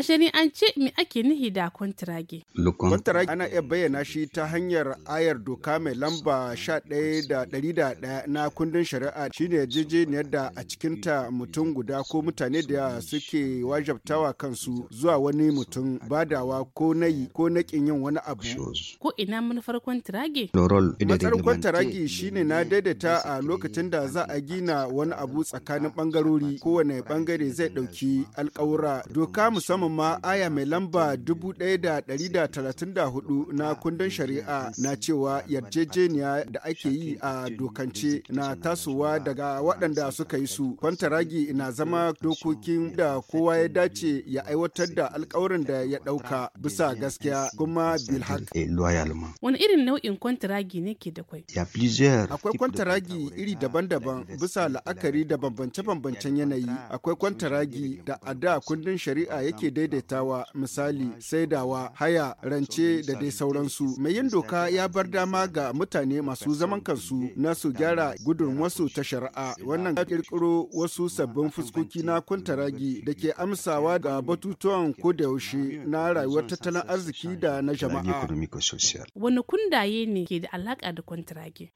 A ce me ake nihi da kontirage Kwantirage ana iya bayyana shi ta hanyar ayar doka mai lamba 11 da na kundin shari'a shine yarjejeniyar da a cikin ta mutum guda ko mutane da suke wajabtawa kansu zuwa wani mutum badawa ko nayi ko naƙin yin wani abu. Ko ina manufar kwantirage? Matsarin kwantirage shine na daidaita a lokacin da za a gina wani abu tsakanin bangarori kowane bangare zai ɗauki alƙawura doka musamman ma aya mai lamba 1134 na kundin shari'a na cewa yarjejeniya da ake yi a dokance na tasowa daga waɗanda suka yi su kwantaragi na zama dokokin da kowa ya dace ya aiwatar da alkawarin da ya ɗauka bisa gaskiya kuma bilhak. Wani irin nau'in kwantaragi ne ke da kwai? Akwai kwantaragi iri daban-daban bisa la'akari da bambance-bambancen yanayi. Akwai kwantaragi da a da kundin shari'a yake da daidaitawa misali saidawa haya rance da dai sauransu mai yin doka ya bar dama ga mutane masu zaman kansu na su gyara gudun wasu ta shari'a wannan ya kirkiro wasu sabbin fuskoki na kuntaragi da ke amsawa ga batutuwan yaushe na rayuwar tattalin arziki da na jama'a wani kundaye ne ke da alaka da kuntaragi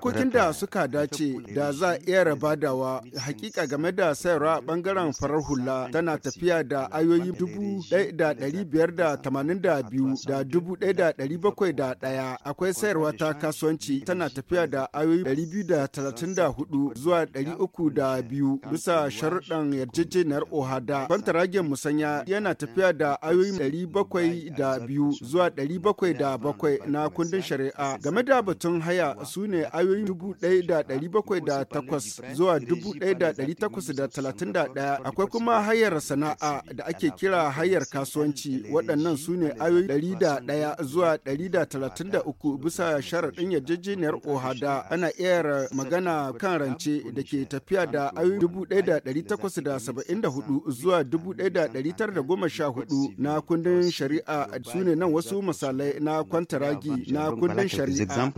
kokin da suka dace da za a iya rabadawa hakika game da sayarwa bangaren farar hula tana tafiya da ayoyi kai dubu da biyar da tamanin da biyu da dubu da bakwai da akwai sayarwa ta kasuwanci tana tafiya da ayoyi 234 biyu da talatin da hudu zuwa 302 uku da biyu bisa sharuɗan yarjejeniyar ohada bantaragen musanya yana tafiya da ayoyi 702 bakwai da biyu zuwa 707 bakwai da bakwai na kundin shari'a game da batun haya su ne ayoyi dubu da bakwai da takwas zuwa dubu da takwas da talatin da akwai kuma hayar sana'a da ake kira hayar kasuwanci waɗannan su ne ayoyi 101 zuwa 133 bisa sharaɗin yarjejeniyar ohada ana iyar magana kan rance da ke tafiya da ayoyi 1874 zuwa 1914 na kundin shari'a su ne nan wasu misalai na kwantaragi na kundin shari'a.